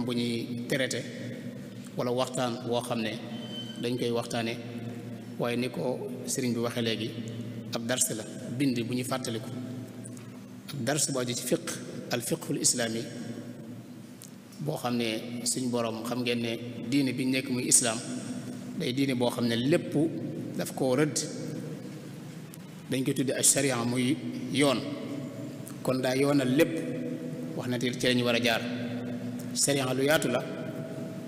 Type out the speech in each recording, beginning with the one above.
am bu ñuy traité wala waxtaan woo xam ne dañ koy waxtaane waaye ni ko sëriñ bi waxe léegi ab dars la bind bu ñu fàttaliku ab dars ci fiq al islaami boo xam ne suñ boroom xam ngeen ne diine bi nekk muy islaam day diine boo xam ne lépp daf ko rëdd dañ koy tudde ak sharia muy yoon kon daa yoonal lépp wax na te ci lañu war a jaar sariya lu yaatu la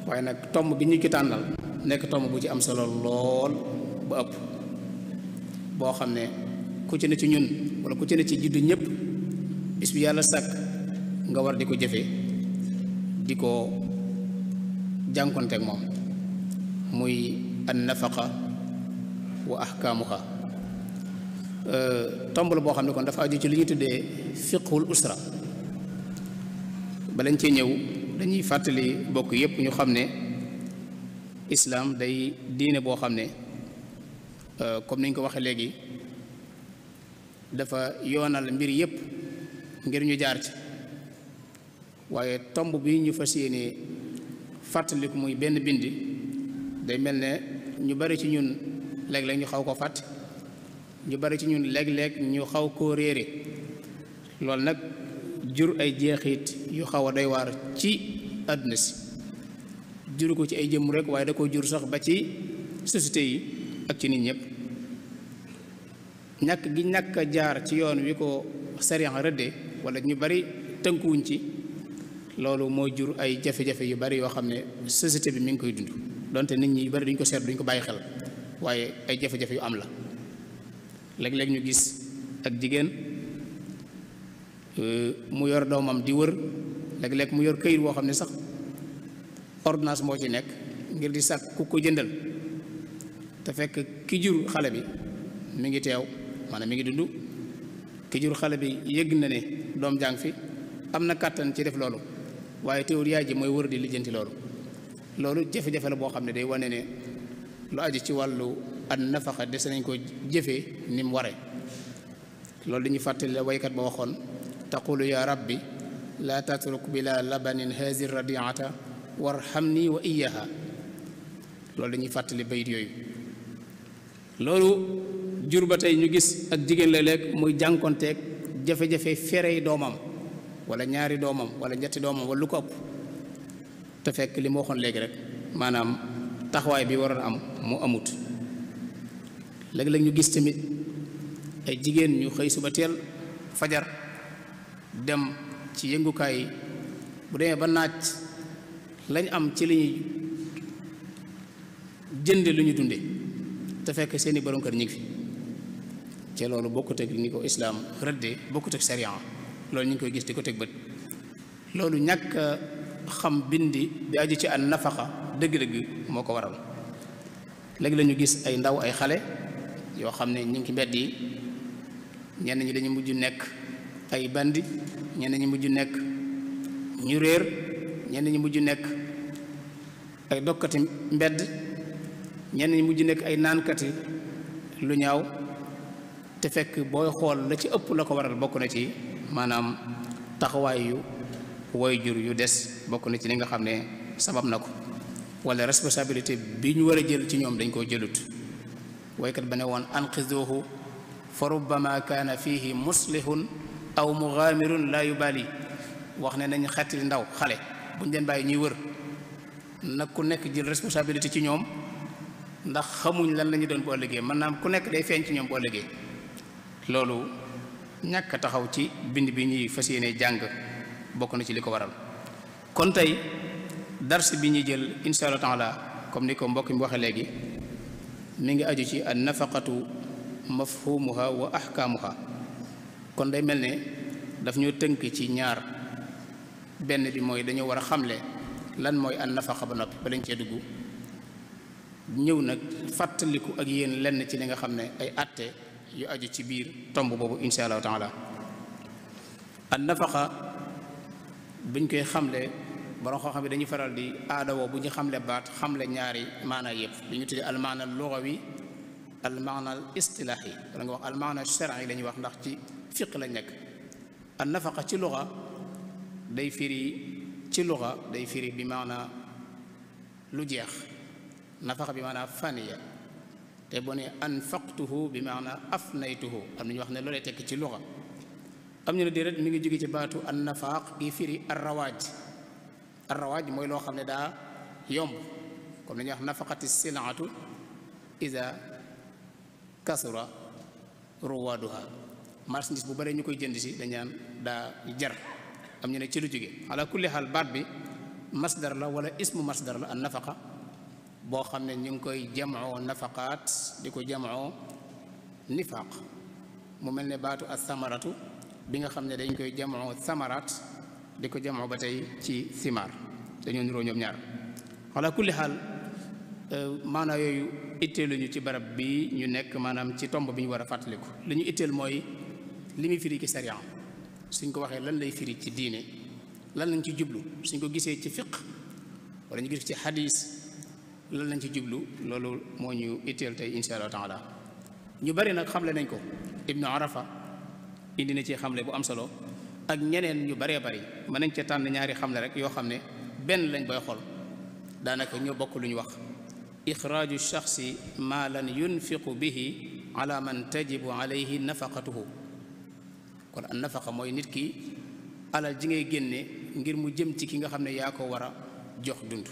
waaye nag tomb bi ñu ki tànnal nekk tomb bu ci am solo lool bu ëpp boo xam ne ku ci ne ci ñun wala ku ci ne ci juddu ñépp bis bi yàlla sàkk nga war di ko jëfe di ko jànkonte ak moom muy an nafaqa wa ahkaamuha euh, tomb la boo xam ne kon dafa aju ci li ñu tuddee fiqhul usra balañ cee ñëw dañuy fàttali bokk yépp ñu xam ne islaam day diine boo xam ne euh, comme niñ ko waxee léegi dafa yoonal mbir yépp ngir ñu jaar ci waaye tomb bi ñu fas yéene fàttaliku muy benn bindi day mel ne ñu bari ci ñun léeg-léeg ñu xaw ko fàtt ñu bari ci ñun léeg-léeg ñu xaw koo réere loolu nag jur ay jeexit yu xaw a doy waar ci àdduna si juru ko ci ay jëmm rek waaye da ko jur sax ba ci société yi ak ci nit ñëpp ñàkk gi ñàkk jaar ci yoon wi ko sariyan rëdde wala ñu bari tënkuwuñ ci loolu mooy jur ay jafe-jafe yu bari yoo xam ne société bi mi ngi koy dund donte nit ñi yu bari duñ ko seet duñ ko bàyyi xel waaye ay jafe-jafe yu am la léeg-léeg ñu gis ak jigéen euh, mu yor doomam di wër léeg-léeg mu yor këyit woo xam ne sax ordonnance moo ci nekk ngir di sàkk ku ko jëndal te fekk kijur xale bi mi ngi teew maanaam mi ngi dund ki xale bi yëg na ne doom jàng fi am na kàttan ci def loolu waaye teewul yaay ji mooy wër di lijjanti loolu loolu jafe-jafe la boo xam ne day wane ne lu aju ci wàllu an nafaqa des nañ ko jëfe ni mu waree loolu dañuy fàttali waykat ba waxoon taqulu yaa rabbi laa tatruk bila labanin haasi radiata warhamni wa iyaha loolu dañuy fàttali bayit yooyu loolu jur ba tey ñu gis ak jigéen léeg-léeg muy jànkonteeg jafe-jafe ferey doomam wala ñaari doomam wala ñetti doomam wallu ko ëpp te fekk li ma waxoon léegi rek maanaam taxawaay bi waroon am mu amut léeg-léeg ñu gis tamit ay jigéen ñu xëy suba teel fajar dem ci yëngukaay bu demee ba naaj lañ am ci li ñuy jënde lu ñu dunde te fekk seeni borom kër ñu ngi fi te loolu bokkut ak ni ko islaam rëddee bokkut ak sariya loolu ñu ngi koy gis di ko teg bët loolu ñàkk xam bind bi aju ci an nafaxa dëgg-dëgg moo ko waral léegi lañu gis ay ndaw ay xale yoo xam ne ñu ngi mbedd yi ñenn ñi dañu mujj nekk ay bandi ñenn ñi mujj nekk ñu réer ñenn ñi mujj nekk ay dokkati mbedd ñenn ñi mujj nekk ay naankati lu ñaaw te fekk booy xool la ci ëpp la ko waral bokk na ci maanaam taxawaay yu woy jur yu des bokk na ci li nga xam ne sabab na ko walla responsabilité bi ñu war a jël ci ñoom dañ koo jëlut woykat ba ne woon anqizuhu fa rubbama kaana fihi muslihun aw muxaamirun laa yubali wax ne nañ xettali ndaw xale buñ leen bàyyi ñuy wër nag ku nekk jël responsabilité ci ñoom ndax xamuñ lan la ñu doon bu ëllëgee maanaam ku nekk day feeñ ci ñoom bu ëllëgee loolu ñàkk taxaw ci bind bi ñuy fas yéene jàng bokk na ci li ko waral kon tey dars bi ñuy jël insha allah la comme ni ko mbokk mi waxee léegi mi ngi aju ci an nafaqatu mafhumuha wa ahkaamuha kon day mel ne daf ñoo tënk ci ñaar benn bi mooy dañoo war a xamle lan mooy an nafaqa ba noppi ba cee dugg ñëw nag fàttaliku ak yéen lenn ci li nga xam ne ay àtte yu aju ci biir tomb boobu insha allahu taala an nafaqa buñ koy xamle borom xoo xam ne dañuy faral di aadawoo bu ñu xamle baat xamle ñaari maana yëpp li ñu tuddee almaana lugawi almaana istilaahi wala nga wax almaana shar'i la ñuy wax ndax ci fiq lañ nekk an nafaqa ci luxa day firi ci luxa day firi bi maana lu jeex nafaqa bi maana faniya te boo ne anfaqtuhu bi maana afnaytuhu am na ñu wax ne loolee tekk ci luxa am ñu ne déedéet mi ngi jóge ci baatu an nafaaq gi firi arrawaaj arrawaaj mooy loo xam ne daa yomb comme dañuy wax nafaqati silaatu ida kasura ruwaaduha marchandise bu bare ñu koy jënd si dañaan daa jar am ñu ne ci lu jóge ala kulli xaal baat bi masdar la wala ismu masdar la an nafaqa boo xam ne ñu ngi koy jamoo nafaqaat di ko jamoo nifaq mu mel ne baatu ak samaratu bi nga xam ne dañ koy jamoo samaraat di ko jamoo ba tey ci simaar dañoo niroo ñoom ñaar ala kulli xaal euh, maanaa yooyu itteeluñu ci barab bi ñu nekk maanaam ci tomb bi ñu war a fàttaliku li ñu itteel mooy li muy firi ci sariya suñ ko waxee lan lay firi ci diine lan lañ ci jublu suñ ko gisee ci fiq wala ñu gis ci xadis lan lañ ci jublu loolu moo ñu itteel tey insha allah taala ñu bari nag xamle nañ ko ibnu arafa indi na ci xamle bu am solo ak ñeneen ñu baree bari mën nañ ca tànn ñaari xamle rek yoo xam ne benn lañ booy xool daanaka ñoo bokk lu ñu wax ixraaju shaxsi ma lan yunfiqu bihi ala man tajibu alayhi nafaqatuhu kon an nafaqa mooy nit ki alal ji ngay génne ngir mu jëm ci ki nga xam ne yaa ko war a jox dund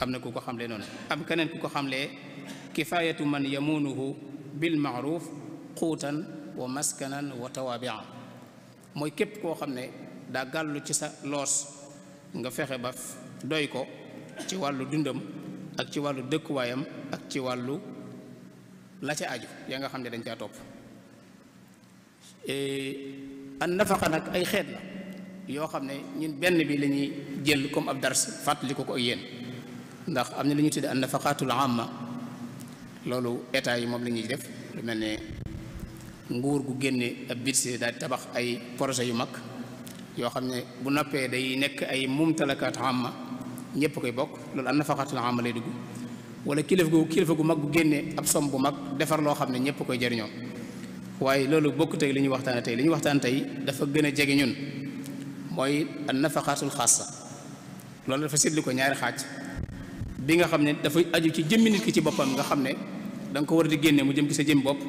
am na ku ko xamle noonu am keneen ku ko xamle kifaayatu man yamunuhu bil maaruf xuutan wa maskanan wa tawaabian mooy képp koo xam ne daa gàllu ci sa loos nga fexe ba doy ko ci wàllu dundam ak ci wàllu dëkkuwaayam ak ci wàllu la ca aju yaa nga xam ne dañ caa topp eh, an nafaqa nag ay xeet la yoo xam ne ñun benn bi lañuy ñuy jël comme ab dars fàttaliku ko ak yéen ndax am na lu ñu tudde an nafaqaatul amma loolu état yi moom la ñuy def lu mel ne nguur gu génne ab budget daal tabax ay projet yu mag yoo xam ne bu nappee day nekk ay mumtalakaat amma ñëpp koy bokk loolu an nafaqaatul amma lay dugg wala kilifa gu kilifa gu mag gu génne ab som bu mag defar loo xam ne ñëpp koy jariñoo waaye loolu bokkut ak li ñuy waxtaan tey li ñuy waxtaan tey dafa gën a jege ñun mooy nafaxaatul nafaqaatul xaasa loolu dafa séddli ko ñaari xaaj bi nga xam ne dafa aju ci jëmmi nit ki ci boppam nga xam ne da ko war di génne mu jëm ci sa jëm bopp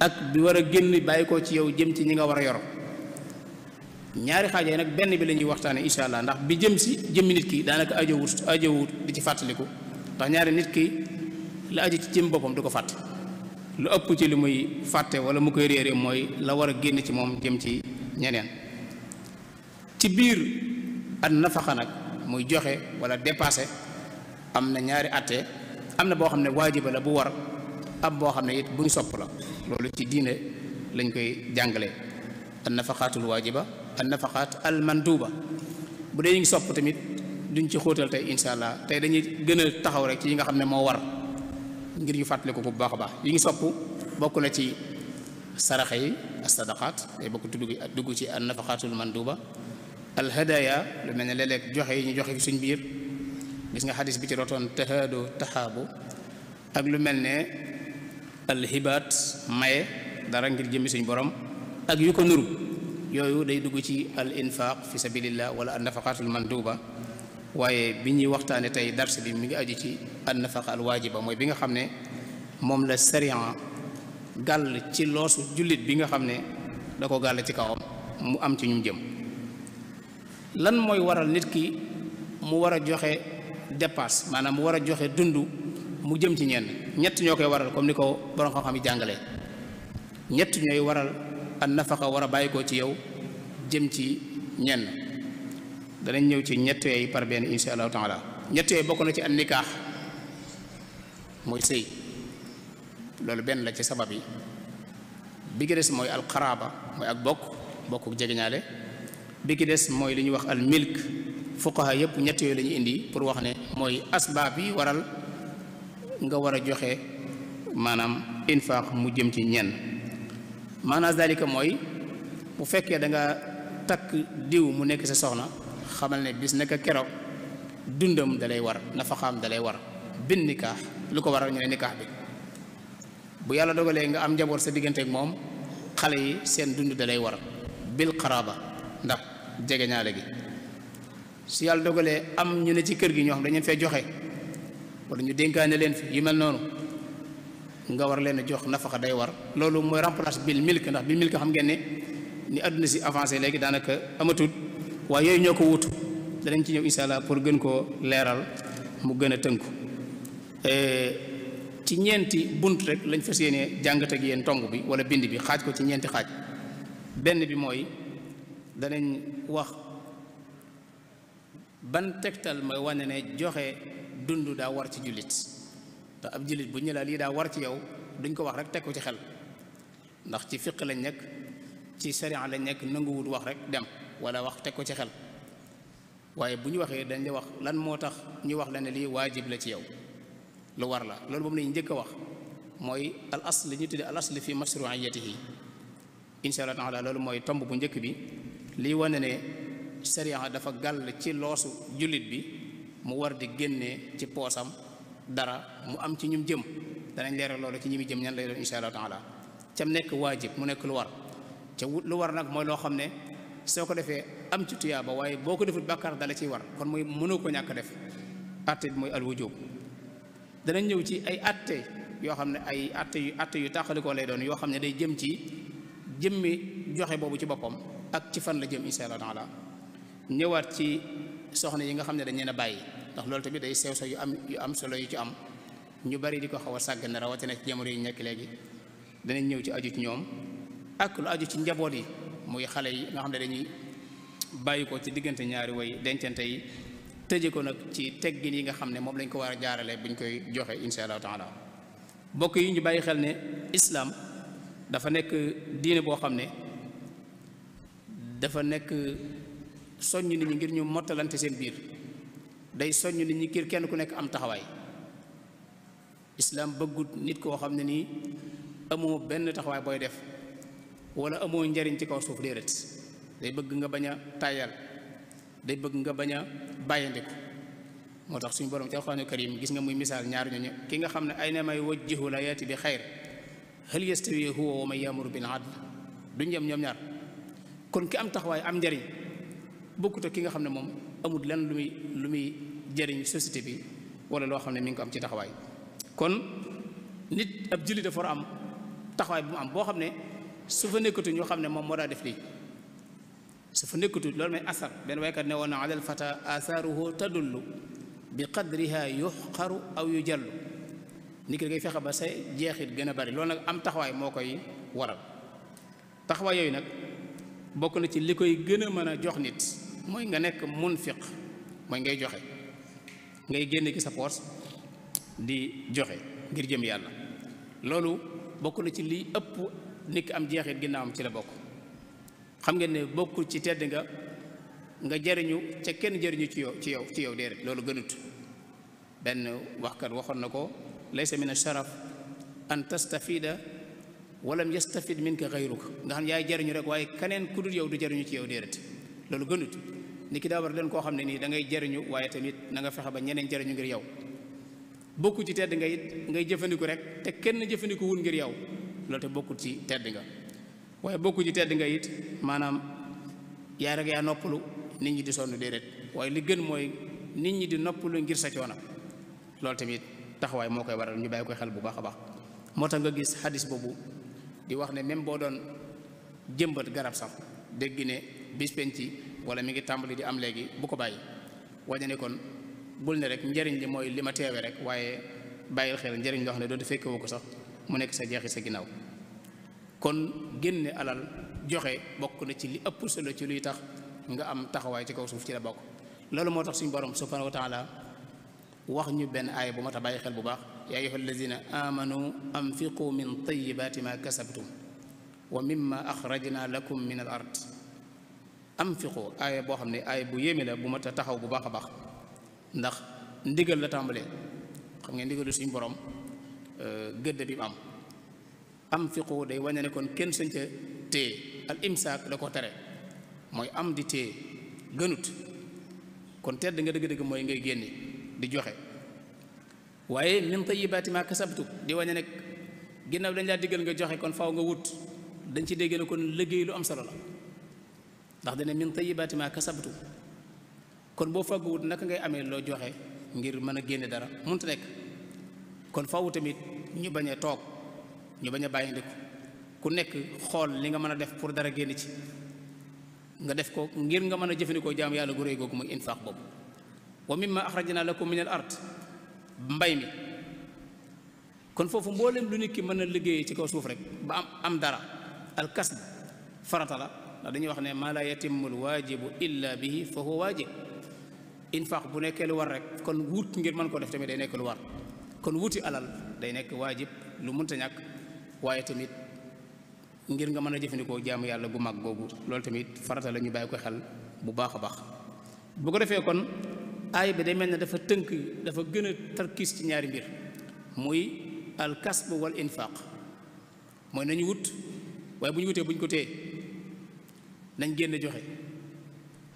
ak war a génn bàyyi ko ci yow jëm ci ñi nga war a yor ñaari xaaj yi nag benn bi la ñuy waxtaane incha allah ndax bi jëm si jëmmi nit ki daanaka ajo wut di ci fàttaliku ndax ñaari nit ki la aju ci jëm boppam du ko fàtte lu ëpp ci li muy fàtte wala mu koy réere mooy la war a génn ci moom jëm ci ñeneen ci biir an nafaxa nag muy joxe wala dépassé am na ñaari atte am na boo xam ne waajiba la bu war am boo xam ne it buñ sopp la loolu ci diine lañ koy jàngale an nafaxaatul waajiba an nafaxaat al manduuba bu dee ñu ngi sopp tamit duñ ci xóotal tey incha allah tey dañuy gën a taxaw rek ci yi nga xam ne moo war ngir ñu fàttaliku ko bu baax a baax yi ñu sopp bokk na ci saraxa yi as-sadaqaat day bokk tuddu dugg ci an-nafaqaatul manduuba al-hadaaya lu mel ne léeg-léeg joxe ñu joxe ci suñ biir gis nga xadis bi ci rotoon tahaado tahaabu lu mel ne alhibaat maye dara ngir jëmmi suñu borom ak yu ko nuru yooyu day dugg ci al infaq fi sabilillah wala an nafaqatul manduba waaye bi ñuy waxtaane tey dars bi mi ngi aju ci an nafaqa al waajiba mooy bi nga xam ne moom la sariya gàll ci loosu jullit bi nga xam ne da ko gàll ci kawam mu am ci ñu jëm lan mooy waral nit ki mu war a joxe dépasse maanaam mu war a joxe dund mu jëm ci ñenn ñett ñoo koy waral comme ni ko borom xam-xam yi ñett ñooy waral an nafaqa war a bàyyi ko ci yow jëm ci ñenn danañ ñëw ci ñett yooyu par benn insha allahu taala ñett yooyu bokk na ci an nikaax mooy sëy loolu benn la ci sabab yi bi ki des mooy alxaraaba mooy ak bokk bokku jegeñaale bi ki des mooy li ñuy wax al milk fuqaha yëpp ñett yooyu la indi pour wax ne mooy asbaab yi waral nga war a joxe maanaam infaq mu jëm ci ñenn maanaam dalika mooy bu fekkee da nga takk diw mu nekk sa soxna xamal ne bis naka keroog dundam dalay war nafaxaam dalay war bin nikaax lu ko waral ñu ne nikaax bi bu yàlla dogalee nga am njaboot sa diggante ak moom xale yi seen dund da lay war bil xaraaba ndax jege ñaale gi su yàlla dogalee am ñu ne ci kër gi ñoo xam dañu fee joxe wala ñu dénkaane leen fi yu mel noonu nga war leen jox nafaxa day war loolu mooy remplace bil milk ndax bil milk xam ngeen ne ni àdduna si avancé léegi daanaka amatul waaye yooyu ñoo ko wutu danañ ci ñëw incha allah pour gën koo leeral mu gën a tënku Eh, ci ñeenti bunt rek lañ fas yéenee jàngat ak yéen tong bi wala bind bi xaaj ko ci ñeenti xaaj benn bi mooy danañ wax ban tegtal mooy wane ne joxe dund daa war ci jullit te ab jullit bu ñu la lii daa war ci yow duñ ko wax rek teg ko ci xel ndax ci fiq lañ nekk ci sariya lañ nekk nanguwut wax rek dem wala wax teg ko ci xel waaye bu ñu waxee dañ la wax lan moo tax ñu wax la ne lii waajib la ci yow lu war la loolu moom lañu njëkk a wax mooy al asl li ñu tuddee al asl fi masruiyatihi insha allah taala loolu mooy tomb bu njëkk bi liy wane ne sariya dafa gàll ci loosu jullit bi mu war di génne ci poosam dara mu am ci ñum jëm danañ leeral loolu ci ñi muy jëm ñan lay doon insha allah taala cam nekk waajib mu nekk lu war ca wut lu war nag mooy loo xam ne soo ko defee am ci tuyaaba waaye boo ko defut bàkkaar dala ciy war kon mooy mënoo ko ñàkk def àtte mooy al wujub dana ñëw ci ay atte yoo xam ne ay atte yu atte yu tàqalikoo lay doon yoo xam ne day jëm ci jëmmi joxe boobu ci boppam ak ci fan la jëm insha allah la ñëwaat ci soxna yi nga xam ne dañ leen a bàyyi ndax loolu tamit day sew sa yu am yu am solo yu ci am ñu bari di ko xaw a sàgg na rawatina ci jamono yi nekk léegi danañ ñëw ci aju ci ñoom ak lu aju ci njaboot yi muy xale yi nga xam ne dañuy bàyyi ko ci diggante ñaari way dencante yi tëje ko nag ci teggin yi nga xam ne moom lañ ko war a jaarale ñu koy joxe insha allahu taala bokk yi ñu bàyyi xel ne islaam dafa nekk diine boo xam ne dafa nekk soññ ni ñi ngir ñu mottalante seen biir day soññ nit ñu ngir kenn ku nekk am taxawaay islaam bëggut nit koo xam ne nii amoo benn taxawaay booy def walla amoo njariñ ci kaw suuf déedéet day bëgg nga bañ a tàyyal day bëgg nga bañ a bàyyindiku moo tax suñu borom ne alxuraanu karim gis nga muy misaal ñaar ñooñu ki nga xam ne ay na may wajjihu la yaati bi xayr hal yastawi huwa wa man yamuru bil adl duñ yem ñoom ñaar kon ki am taxawaay am njariñ bokkut ki nga xam ne moom amul lenn lu muy lu muy jariñ société bi wala loo xam ne mi ngi ko am ci taxawaay kon nit ab jullit dafa war am taxawaay bu mu am boo xam ne su fa nekkatu ñoo xam ne moom moo daa def lii su fa nekkatul loolu mooy asar benn waykat ne woon na alal fata asaaruhu tadullu bi qadriha xaru aw yu jallu nit ki da ngay fexe ba say jeexit gën a bari loolu nag am taxawaay moo koy waral taxawaay yooyu nag bokk na ci li koy gën a mën a jox nit mooy nga nekk munfiq mooy ngay joxe ngay génn ci sa poos di joxe ngir jëm yàlla loolu bokk na ci li ëpp nit am jeexit ginnaawam ci la bokk xam ngeen ne bokkul ci tedd nga nga jariñu ca kenn jariñu ci yow ci yow ci yow déedéet loolu gënut benn waxkat waxoon na ko laysa min asharaf an tastafida walam yastafid minka gayruka nga xam yaay jariñu rek waaye keneen ku yow du jariñu ci yow déedéet loolu gënut ni ki daa war leen koo xam ne nii da ngay jariñu waaye tamit nanga nga fexe ba ñeneen jariñu ngir yow bokku ci tedd nga it ngay jëfandiku rek te kenn jëfandiku ngir yow loolu te bokkul ci tedd nga waaye bokku ci tedd nga yit maanaam yaa rek yaa noppalu nit ñi di sonn déedéet waaye li gën mooy nit ñi di noppalu ngir sa coono loolu tamit taxawaay moo koy waral ñu bàyyi ko xel bu baax a baax moo tax nga gis xadis boobu di wax ne même boo doon jëmbat garab sax dégg ne bis penci wala mi ngi tàmbali di am léegi bu ko bàyyi waññe ne kon bul ne rek njëriñ li mooy li ma teewe rek waaye bàyyil xel njariñ loo xam ne doonte fekke ko sax mu nekk sa jeexi sa ginnaaw génne alal joxe bokk na ci li ëpp solo ci luy tax nga am taxawaay ci kaw suuf ci la bokk loolu moo tax suñu borom subhanahu wa taala wax ñu benn aaya bu ma ta bàyyi xel bu baax yaa ayyuha allazina amanu anfiqu min tayibaati ma kasabtum wa mimma axrajna lakum min al ard anfiqu aaya boo xam ne aaya bu yéeme la bu ma ta taxaw bu baax a baax ndax ndigal la tàmbalee xam nga ndigalu suñu borom euh, gëdd bi am am fiqu day wañe ne kon kenn sañ ca téye al imsaak da ko tere mooy am di téye gënut kon tedd nga dëgg-dëgg mooy ngay génne di joxe waaye min tayyibaati maa kasabtu di waññe ne ginnaaw dañ laa diggal nga joxe kon faw nga wut dañ ci dégg ne kon liggéey lu am solo la ndax dane min tayyibaati maa kasabtu kon boo fàggu wut naka ngay amee loo joxe ngir mën a génne dara munta nekk kon faw tamit ñu bañ a toog ñu bañ a bàyyi ndiku ku nekk xool li nga mën a def pour dara génn ci nga def ko ngir nga mën a jëfandikoo jaam yàlla gu réy googu muy infaq boobu wa mimma axrajna lakum min al ard mbay mi kon foofu mboolem lu nit ki mën a liggéey ci kaw suuf rek ba am am dara al kasb la ndax dañuy wax ne maa laa yatimul waajibu illa bihi foo huwa waajib infaq bu nekkee lu war rek kon wut ngir mën ko def tamit day nekk lu war kon wuti alal day nekk waajib lu mënta ñàkk waaye tamit ngir nga mën a jëfandikoo jaamu yàlla gu mag googu loolu tamit farata la ñu bàyyi ko xel bu baax a baax bu ko defee kon aay bi day mel ne dafa tënk dafa gën a tarkis ci ñaari mbir muy al kasb wal infaq mooy nañu wut waaye bu ñu wutee buñ ñu ko téye nañ génn joxe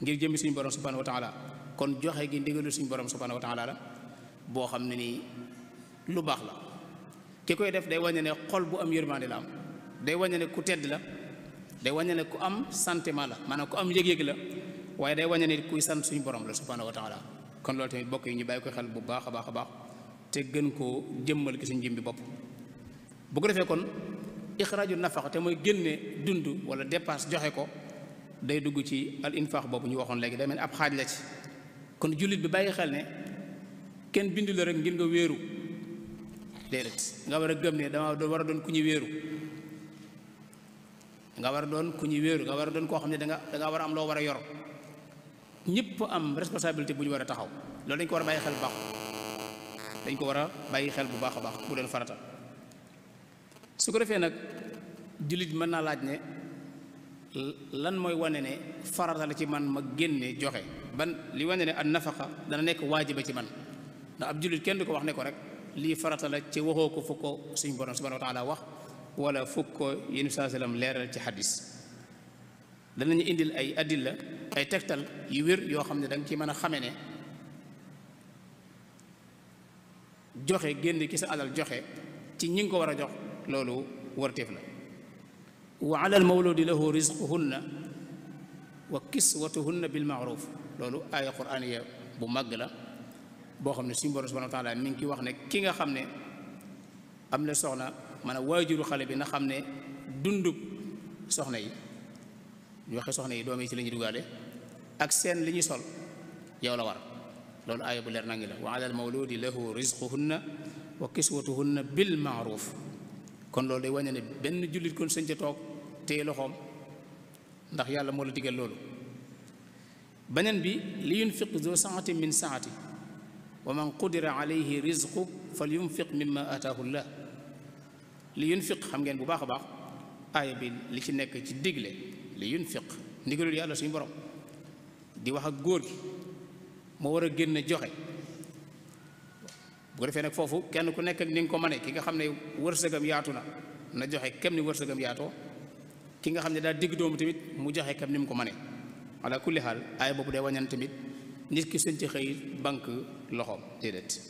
ngir jëmbi suñu borom subhanahu wa taala kon joxe gi ndigalu suñu borom subhanahu wa taala la boo xam ne nii lu baax la ki koy def day wàññe ne xol bu am yërmande la am day wàññe ne ku tedd la day wañe ne ku am sentiment la maanaam ku am yëg-yëg la waaye day wàññe ne kuy sant suñu borom la subhanahu wa taala kon loolu tamit bokk yi ñu bàyyi ko xel bu baax a baax te gën koo jëmmal ki suñu jëm ko defee kon ixraaju nafaqa te mooy génne dund wala dépense joxe ko day dugg ci al infaq boobu ñu waxoon léegi day mel ab xaaj la ci kon jullit bi bàyyi xel ne kenn bindu la rek ngir nga wéeru déedéet nga war a gëm ne dama war a doon ku ñu wéeru nga war a doon ku ñu wéeru war a doon koo xam ne danga danga war a am loo war a yor ñëpp am responsabilité bu ñu war a taxaw loolu dañ ko war a bàyyi xel bu baax dañ ko war a bàyyi xel bu baax a baax bu doon farata su ko defee nag jullit mën naa laaj ne lan mooy wane ne farata la ci man ma génne joxe ban li wane ne at nafaqa dana nekk waajiba ci man ndax ab jullit kenn du ko wax ne ko rek lii farata la ci waxoo ko fu ko suñ borom subhanahu wax wala fukk ko yéen saa sallam leeral ci xadis danañu indil ay adilla ay tegtal yu wér yoo xam ne danga nga ci mën a xame ne joxe génn ki sa alal joxe ci ñi nga ko war a jox loolu warteef la wa ala al mawludi lahu rizquhunna wa kiswatuhunna bil maaruf loolu aaya quraaniya bu màgg la boo xam ne suñu borom subhanahu wa taala ngi ki wax ne ki nga xam ne am na soxna maanaam waajuru xale bi na xam ne dundub soxna yi ñu waxe soxna yi doom yi ci la ñuy dugaale ak seen li ñuy sol yow la war loolu aaya bu leer nangi la wa alal mawludi lahu rizquhunna wa kiswatuhunna bil maaruf kon loolu day wàññe ne benn jullit kon sëñ ca toog téye loxoom ndax yàlla moo la digal loolu beneen bi li yunfiq zo saati min saati wa man qudira alayhi rizqu fal yunfiq mimma ataahu la li yunfiq xam ngeen bu baax a baax aaya bi li ci nekk ci digle li yunfiq ndigalul yàlla suñu borom di wax ak góor gi moo war a génn joxe bu defee nag foofu kenn ku nekk ak ko mëne ki nga xam ne wërsëgam yaatu na na joxe kem ni wërsëgam yaatoo ki nga xam ne daal digg doomu tamit mu joxe kem ni ko mane ala kulli xaal aaya boobu day wañan tamit nit ki sëñ ci xëyit banque loxoom déedéet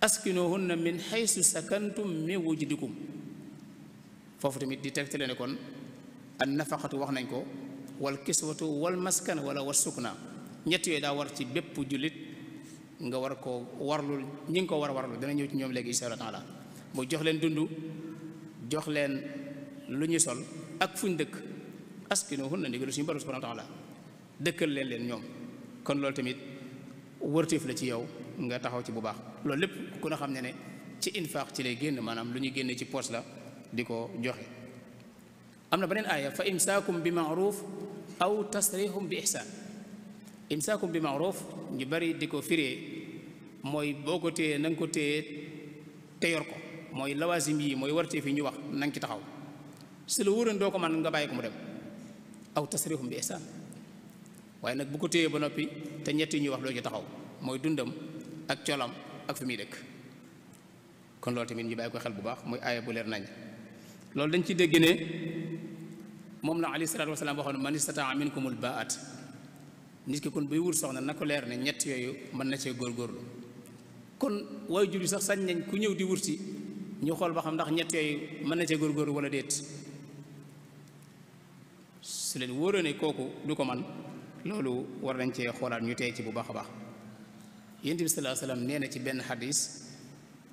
askinohunna min xaysu sakantum min wujudikum foofu tamit di teg tegtale ne kon a nafaqatu wax nañ ko wal kiswatu wal maskan wala was sukna ñett yooyu daa war ci bépp jullit nga war ko warlul ñi nga ko war a warlul dana ñëw ci ñoom léegi insha allah taala mu jox leen dund jox leen lu ñu sol ak fuñ dëkk askinohunna ndigalu suñu borom subhanahu wa taala dëkkal leen leen ñoom kon loolu tamit wërteef la ci yow nga taxaw ci bu baax loolu lépp ku na xam ne ne ci infaq ci lay génn maanaam lu ñuy génne ci poos la di ko joxe am na beneen aaya fa imsaakum bi maaruf aw tasrihum bi ihsaan imsaakum bi maaruf ñu bari di ko firee mooy boo ko téyee na ko téye te yor ko mooy lawaasim yi mooy warteef yi ñu wax na ci taxaw su la wóoroon doo ko man nga bàyyi ko mu dem aw tasrihum bi ihsaan waaye nag bu ko téyee ba noppi te ñett yi ñuy wax doo ci taxaw mooy dundam ak colam ak fi muy dëkk kon loolu tamit ñu bàyyi ko xel bu baax muy aaya bu leer nañ loolu dañ ci dégg ne moom la alayhi salaatu wasalaam waxoon man istataa minkumul baat nit ki kon buy wut soxna na ko leer ne ñett yooyu mën na cee góorgóorlu kon waaye jur sax sañ nañ ku ñëw di wut si ñu xool ba xam ndax ñett yooyu mën na cee góorgóorlu wala déet su leen wóoree ne kooku du ko man loolu war nañ cee xoolaat ñu tey ci bu baax a baax yonent bi sallallahu alayhi nee na ci benn xadis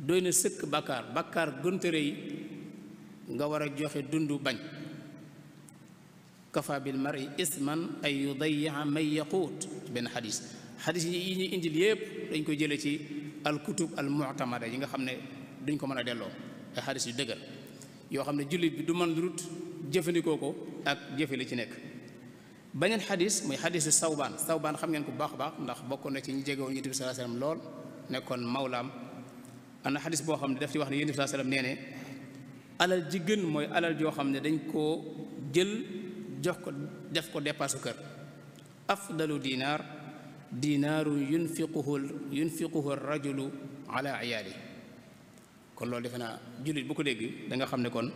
doy na sëkk bàkkaar bàkkaar gëntëre yi nga war a joxe dund bañ kafa bil mari isman ay yudayaa may yaquut ci benn xadis xadis yi ñuy indil yépp dañ ko jële ci al kutub al yi nga xam ne duñ ko mën a delloo ay xadis yu dëgër yoo xam ne jullit bi du mën lu dul jëfandikoo ko ak jëfe la ci nekk beneen xadis muy xadis sawbaan sawbaan xam ngeen ko baax a baax ndax bokkoon na ci ñu jegewoon yonent bi sallallahu alayhi wasallam lool nekkoon am na xadis boo xam ne daf wax ne yonent bi sallallahu alayhi wasallam nee ne alal ji gën mooy alal joo xam ne dañ koo jël jox ko def ko dépasse kër afdalu dinaar dinaaru yunfiquhu yunfiquhu rajulu ala iyaali kon loolu defe naa jullit bu ko dégg da nga xam ne kon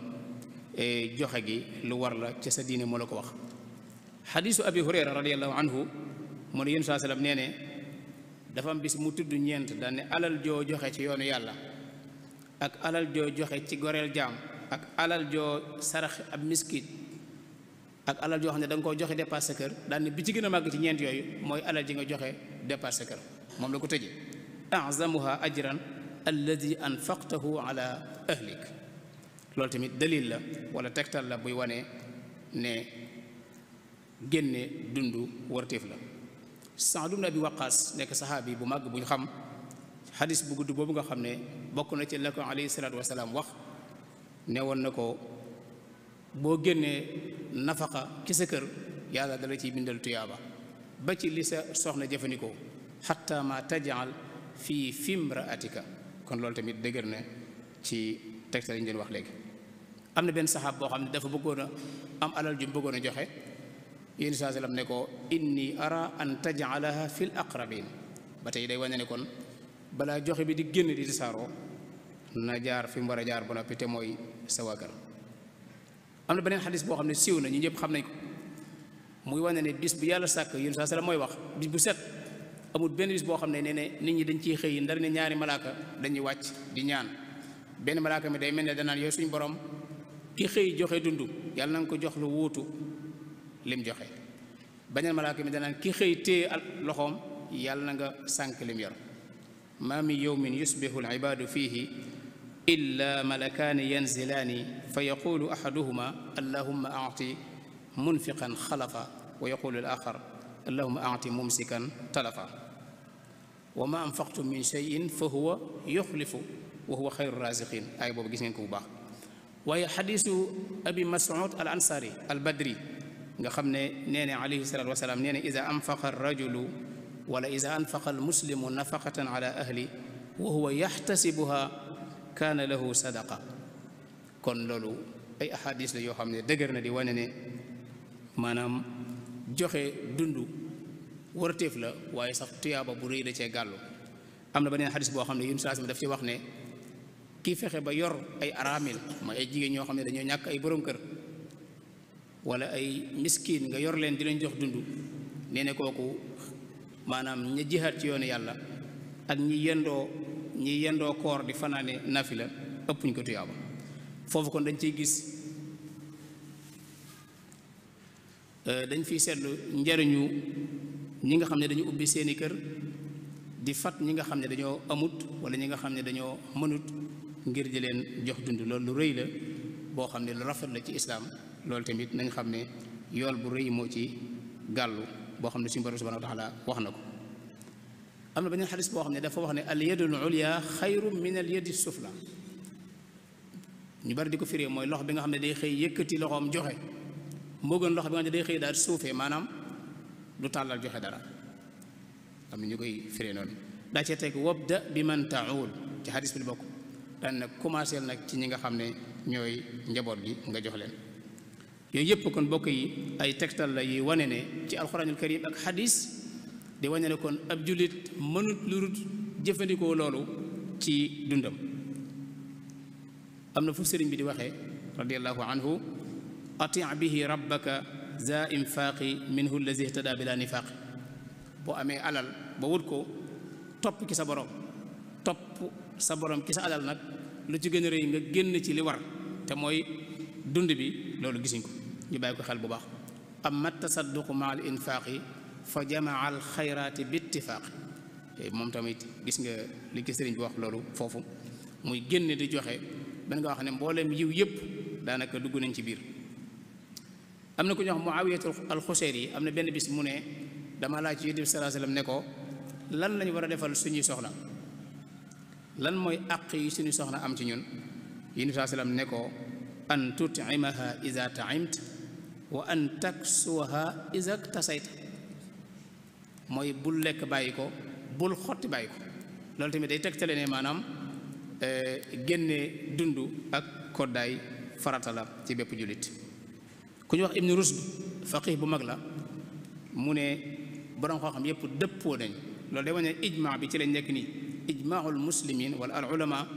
eh, joxe gi lu war la ci sa diine moo la ko wax xadiisu abi hurayra radiallahu anhu mu ne yén saa sallam neenee dafa am bis mu tudd ñeent daan alal joo joxe ci yoonu yàlla ak alal joo joxe ci goreel jaam ak alal joo sarax ab miskit ak alal joo xam ne danga nga koo joxe dépasse sa kër daan bi ci gën a màgg ci ñeent yooyu mooy alal ji nga joxe dépasse sa kër moom la ko tëjee azamuha ajran alladi anfaqtahu ala ahlik loolu tamit dalil la wala tegtal la buy wane ne génne dund warteef la Saad ibn Abi Waqaas nekk saxaabi bu màgg buñ xam xadis bu gudd boobu nga xam ne bokk na ci la ko alayhi salaatu wasalaam wax ne woon na ko boo génnee nafaqa ci sa kër yàlla dala ciy bindal tuyaaba ba ci li sa soxna jëfandikoo xatta ma tajal fii fimraatika kon loolu tamit dëgër na ci texte yi ñu leen wax léegi am na benn saxaab boo xam ne dafa bëggoon a am alal ju mu a joxe yéen saa la ne ko inni ara an tajalaha fil aqrabin ba tey day wane ne kon balaa joxe bi di génn di tasaaroo na jaar fi mu war a jaar ba noppi te mooy sa waa na beneen xadis boo xam ne siiw na ñu ñëpp xam nañ ko muy wane ne bis bu yàlla sàkk yéen saa sallam mooy wax bis bu set amul benn bis boo xam ne nee ne nit ñi dañ ciy xëy ndar ne ñaari malaaka dañuy wàcc di ñaan benn malaaka mi day mel ne danaan yow suñu borom ki xëy joxe dund yàlla na ko jox lu wuutu lim joxe beneen malaaka mi danaan ki xëy téye loxoom yàlla na nga sànk lim yor maa min yowmin yusbihu libaadu fiihi illa malakaani yanzilaani fa yaqulu ahaduhuma allahuma ati munfiqan xalafa wa yaqulu al axar allahuma ati mumsikan talafa wa ma anfaqtum min cheyin fa huwa yuxlifu wa huwa xayru raziqin ay boobu gis ngeen ko bu baax waaye xadiisu abi masud al ansaari al badri nga xam ne nee ne alayhi salaatu wasalaam nee ne ida anfaqa arrajulu wala ida anfaqa almuslimu nafaqatan ala ahli wa huwa yaxtasibuha kaana lahu sadaqa kon loolu ay ahadis la yoo xam ne dëgër na di wane ne maanaam joxe dund warteef la waaye sax tuyaaba bu rëy da cee gàllu am na beneen xadis boo xam ne yun saasima daf ci wax ne kii fexe ba yor ay araamil mooy ay jigéen ñoo xam ne dañoo ñàkk ay borom kër wala ay miskin nga yor leen di leen jox dund nee ne kooku maanaam ña jihaat ci yoonu yàlla ak ñi yendoo ñi yendoo koor di fanaane nafila ëppuñ ko tuyaaba foofu kon dañ ciy gis euh, dañ fiy seetlu njariñu ñi nga xam ne dañu ubbi seeni kër di fat ñi nga xam ne dañoo amut wala ñi nga xam ne dañoo mënut ngir di leen jox dund loolu lu rëy la boo xam ne lu rafet la ci islaam loolu tamit nañ xam ne yool bu rëy moo ci gàllu boo xam ne suñu borom subhanahu wa wax na ko am na beneen xadis boo xam ne dafa wax ne al yadul ulya xayru min al yadi sufla ñu bari di ko firee mooy loxo bi nga xam ne day xëy yëkkati loxoom joxe moo gën loxo bi nga xam ne day xëy daal suufee maanaam du tàllal joxe dara am na ñu koy firee noonu daa cee teg wabda bi man taawul ci xadis bi bokk nag commencé nag ci ñi nga xam ne ñooy njaboot gi nga jox leen yooyu yëpp kon bokk yi ay tegtal la yuy wane ne ci alxuraanul karim ak xadis di wane ne kon ab jullit mënut lu jëfandikoo loolu ci dundam am na fu sëriñ bi di waxee radiallahu anhu ati bihi rabbaka za infaaqi minhu allazi ihtada bila nifaaq boo amee alal ba wut ko topp ki sa borom topp sa boroom ki sa alal nag lu ci gën a rëy nga génn ci li war te mooy dund bi loolu gisuñ ko ñu bàyyi ko xel bu baax am amma tasadduqu ma al infaaqi fa jamaa al xayraati bi ittifaaqi eh, moom tamit gis nga li gis sëriñ bi wax loolu foofu muy génne di joxe dañ nga wax ne mbooleem yiw yëpp daanaka dugg nañ ci biir am na ku ñuy wax Muawiyatu al-Xuseyri yi am na benn bis mu ne dama laaj ci Yonent bi sallallahu ne ko lan lañu war a defal suñuy soxna lan mooy àq yi suñuy soxna am ci ñun Yonent bi sallallahu alayhi wasallam ne ko an tut'imaha iza ta'imta wa an taksuwaha isak tasayta mooy bul lekk bàyyi ko bul xotti bàyyi ko loolu tamit day tegtale ne maanaam eh, génne dund ak koddaay farata la ci bépp jullit ku ñu wax ibnu rusd faqih bu mag la mu ne borom xoo xam yépp dëppoo nañ loolu day wane ijmaa bi ci lañ nekk nii ijmaahul muslimin wala al ulama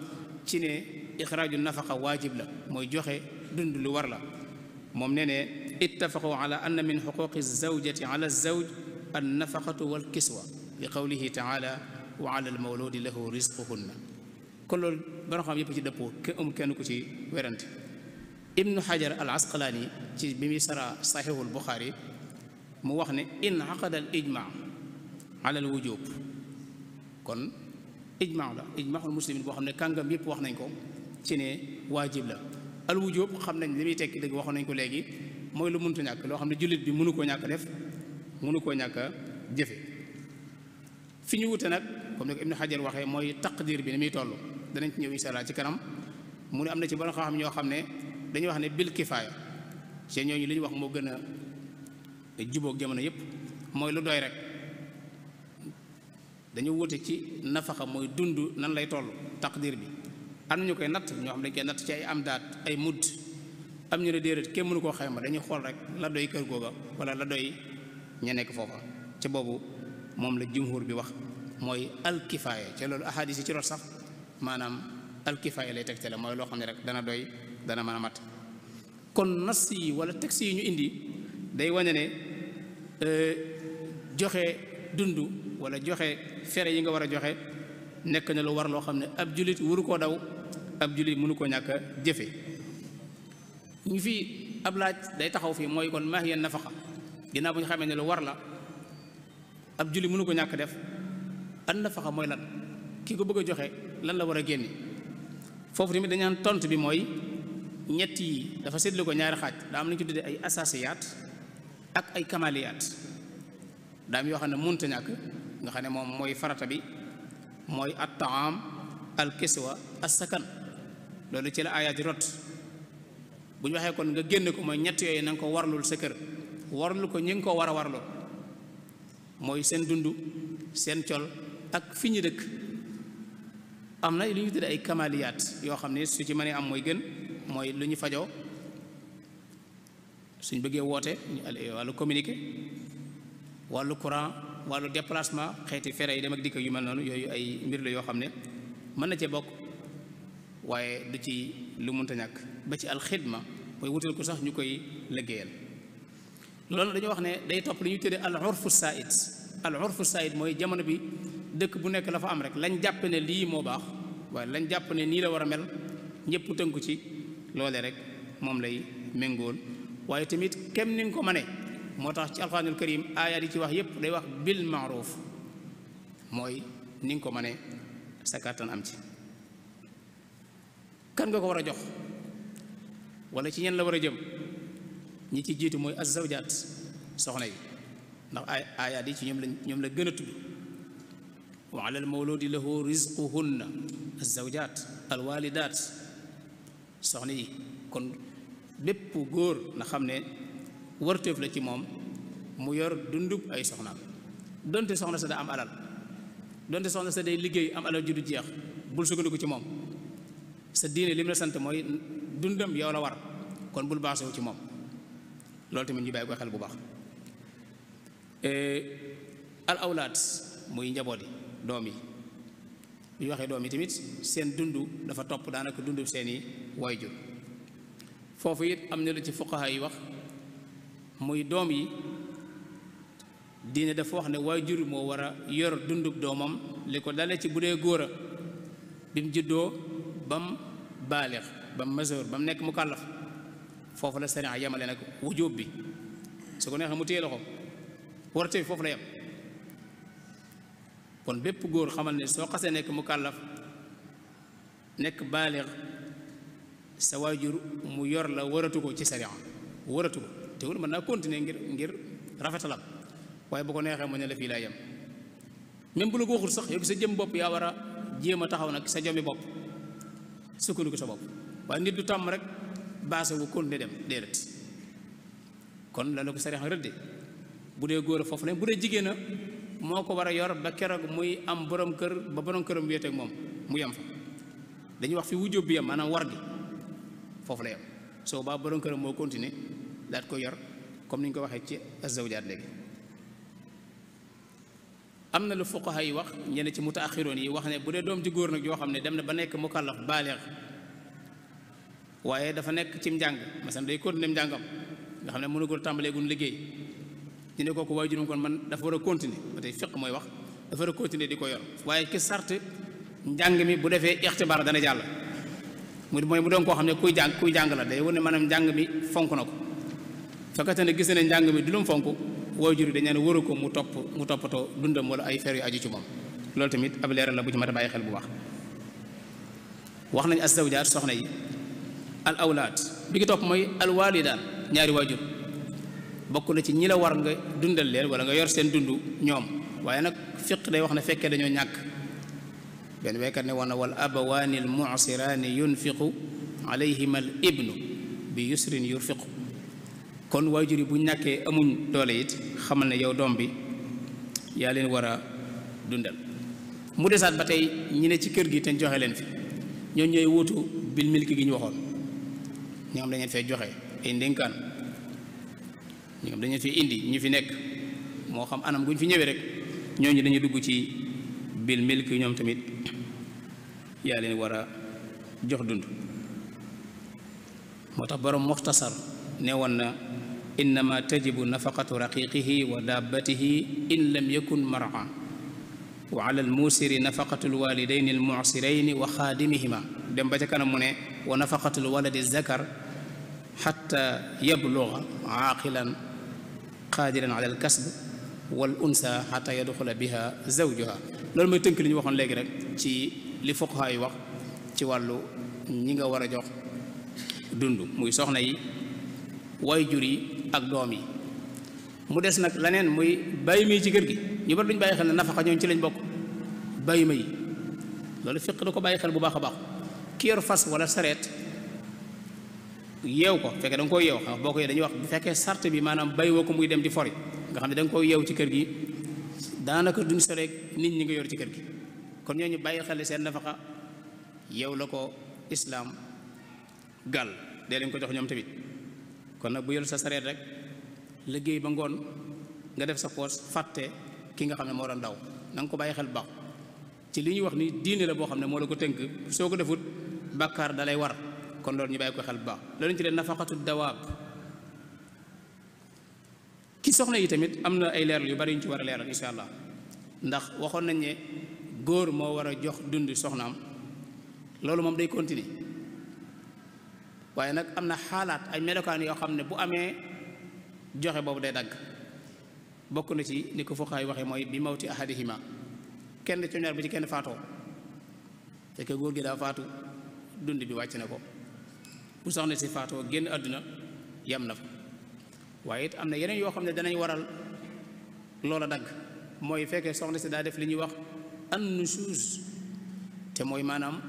ci ne ixraaju nafaqa waajib la mooy joxe dund lu war la moom nee ittafaqu ala anna min xuquqi zawjati ala zawj an nafaqatu wal kiswa li qawlihi taala wa al mawludi lahu risquhunna kon loolu xam yëpp ci dëppoo am kenn ku ci werante ibnu xajar al asqalaani ci bi muy sara saxiixul buxaari mu wax ne in aqada al ijmaa ala al wujub kon ijmaa la ijmaul muslimin boo xam ne kàngam yëpp wax nañ ko ci ne waajib la al wujub xam nañ li muy tekki dëgg waxoon nañ ko léegi mooy lu mënut ñàkk loo xam ne jullit bi munu koo ñàkk def mënu koo ñàkk a jëfe fi ñu wute nag comme ni ko Ibnu Hajar waxee mooy taqdir bi ni muy toll danañ ci ñëw incha ci kanam mu ne am na ci borom xam-xam ñoo xam ne dañuy wax ne bil kifaaya ci ñooñu li wax moo gën a jubóog jamono yépp mooy lu doy rek dañu wute ci nafaxa mooy dund nan lay toll diir bi am na ñu koy natt ñoo xam dañ koy natt ci ay daat ay mudd am ñu ne déedéet kenn mënu koo xayma dañuy xool rek la doy kër googa wala la doy ña nekk foofa ca boobu moom la jumhur bi wax mooy alkifaaya ca loolu ahadis yi ci rot sax maanaam alkifaaya lay la mooy loo xam ne rek dana doy dana mën mat kon nas yi wala texte yi ñu indi day wane ne euh, joxe dund wala joxe fere yi nga war a joxe nekk na lu war loo xam ne ab jullit waru koo daw ab jullit mënu koo ñàkk jëfe ñu fi ab laaj day taxaw fii mooy kon maahiya nafaqa ginnaaw bu ñu xamee ne lu war la ab julli mënu ko ñàkk def an nafaqa mooy lan kii ko bëgg a joxe lan la war a génne foofu tamit dañaan tontu bi mooy ñetti dafa seetlu ko ñaari xaaj daa am nañu ci tuddee ay asasiyaat ak ay kamaliyaat daa am yoo xam ne munta ñàkk nga xam ne moom mooy farata bi mooy at taam al kiswa as sakan loolu ci la ayaat rot bu ñu waxee kon nga génn ko mooy ñett yooyu na ko warlul sa kër warlu ko ñi ngi ko war a warloo mooy seen dund seen col ak fi ñu dëkk am na lu ñu tudde ay kamaliyaat yoo xam ne su ci ma mënee am mooy gën mooy lu ñu fajoo suñ bëggee woote eh, wàllu communiqué wàllu courant wàllu déplacement xeeti fere yi dem ak dikk yu mel noonu yooyu ay mbir la yoo xam ne mën na cee bokk waaye du ci lu munta ñàkk ba ci alxidma mooy wutal ko sax ñu koy liggéeyal loolu dañu wax ne day topp li ñu tëddee al urfu said al urfu mooy jamono bi dëkk bu nekk la fa am rek lañ jàpp ne lii moo baax waaye lañ jàpp ne nii la war a mel ñëpp tënku ci loole rek moom lay méngoon waaye tamit kem ni nga ko mënee moo tax ci alxuraanul karim aaya yi ci wax yépp day wax bil maaruf mooy ni nga ko mënee sa kàttan am ci kan nga ko war a jox wala ci ñen la war a jëm ñi ci jiitu mooy azawjaat soxna yi ndax ay aayaat yi ci ñoom la ñoom la gën a tudd wa alal mawludi lahu rizquhunna azawjaat alwalidaat soxna yi kon bépp góor na xam ne warteef la ci moom mu yor dundub ay soxnaam donte soxna sa daa am alal donte soxna sa day liggéey am alal ju du jeex bul sukkandiku ci moom sa diine lim la sant mooy dundam yow la war kon bul baasewu ci moom loolu tamit ñu bàyyi ko xel bu baax e, al awlaat muy njaboot yi doom yi bu ñu waxee doom yi tamit seen dund dafa topp daanaka dundu seeni waajur foofu it am na lu ci fuqaha wax muy doom yi diine dafa wax ne waajur moo war a yor dundub doomam li ko dale ci bu dee góora a bi juddoo bam baaleex ba mu majeur ba mu nekk mu kàllaf foofu la sariya yemale nag wujub bi su ko neexee mu téye loxo warte bi foofu la yem kon bépp góor xamal ne soo xasee nekk mu kàllaf nekk baalix sa waajur mu yor la waratu ko ci sariya waratu ko teewul mën naa continuer ngir ngir rafetalam waaye boo ko neexee moo ne la fii laa yem même bu la ko waxul sax yow sa jëm bopp yaa war a jéem a taxaw nag sa jomi bopp sukkandiku sa bopp waaye nit du tàmm rek baase wu kon ne dem déedéet kon la ko sariya rëdde bu dee góor foofu ne bu dee jigéen a moo ko war a yor ba keroog muy am borom kër ba borom këram wéeteeg moom mu yem fa dañuy wax fi wujjo bi yam maanaam war gi foofu la yem soo baa borom këram moo continuer daat ko yor comme ni ñu ko waxee ci azawjaat léegi am na lu fuqaha yi wax ñenn ci mu mutaaxiroon yi wax ne bu dee doom ci góor nag yoo xam ne dem na ba nekk mukallaf baaleex waaye dafa nekk ci njàng masan day continuer njàngam nga xam ne tàmbalee tàmbaleegul liggéey ñu ne kooku waaye juróom kon man dafa war a continuer ba tey fiq mooy wax dafa war di ko yor waaye ki sart njàng mi bu defee ixtibaar dana jàll mu mooy mu doon koo xam ne kuy jàng kuy jàng la day wane maanaam njàng mi fonk na ko fekkate ne gis ne njàng mi du lu mu fonk waajur yi dañu ne waru ko mu topp mu toppatoo dundam wala ay fer yu aju ci moom loolu tamit ab leeral la bu ci mat a bàyyi xel bu baax nañ as zawjaat soxna yi al awlaad bi ki topp mooy al waalidaan ñaari waajur bokk na ci ñi la war nga dundal leen wala nga yor seen dund ñoom waaye nag fiq day wax na fekkee dañoo ñàkk benn waykat ne woon na wal abawaani al mu'siraani yunfiqu alayhima al ibnu bi yusrin yurfiqu kon waajur yi bu ñàkkee amuñ doole it xamal na yow doom bi yaa leen war a dundal mu desaat ba tey ñi ne ci kër gi te joxe leen fi ñooñ ñooy wutu bil milki gi ñu waxoon ñi dañoo xam fee joxe ay ndénkaan ñi nga xam fi indi ñu fi nekk moo xam anam guñ fi ñëwee rek ñooñu dañuy dugg ci bil milk ñoom tamit yaa leen war a jox dund moo tax borom muxtasar ne woon na innama tajibu nafaqatu raqiqihi wa dabbatihi in lam yakun mar'a wa ala almuusiri nafaqatu alwalidayn almu'sirayn wa xaadimihima dem ba kanam mu ne wa nafaqatu alwaladi zakar xatta yabluga aaqilan qaadiran ala alkasb wal unsa xatta yadxula biha zawjuha loolu mooy tënk li ñu waxoon léegi rek ci li fuqaha yi wax ci wàllu ñi nga war a jox dund muy soxna yi waay jur yi ak doom yi mu des nag leneen muy bàyyi may ci kër gi ñu bari duñ bàyyi xel ne nafaqa ñoom ci lañ bokk bàyyi may loolu fiq da ko bàyyi xel bu baax a baax ki yor fas wala sareet yeew ko fekkee da nga koy yeew xam boo ko yeew dañuy wax bu fekkee sart bi maanaam bàyyiwoo ko muy dem di fori nga xam ne da nga yeew ci kër gi daanaka duñ soreek nit ñi nga yor ci kër gi kon ñooñu bàyyi xel seen nafaqa yeew la ko islaam gàll dee leen ko jox ñoom tamit kon nag bu yor sa sareet rek liggéey ba ngoon nga def sa foos fàtte ki nga xam ne moo doon daw na nga ko bàyyi xel baax ci li ñuy wax ni diine la boo xam ne moo la ko tënk soo kon loolu ñu bàyyi ko xel bu baax loolu ñu tuddee nafaqatu dawaab ki soxna yi tamit am na ay leeral yu bari yu ñu ci war a leeral insha allah ndax waxoon nañ ne góor moo war a jox dund soxnaam loolu moom day continuer waaye nag am na xaalaat ay melokaan yoo xam ne bu amee joxe boobu day dagg bokk na ci ni ko fuqaay waxee mooy bi maw mawti ahadihima kenn ci ñaar bi ci kenn faatoo fekk góor gi daa faatu dund bi wàcc na ko bu soxna si faatoo génn àdduna yem na fa waaye it am na yeneen yoo xam ne danañ waral loola dagg mooy fekkee soxna si daa def li ñuy wax an nusuus te mooy maanaam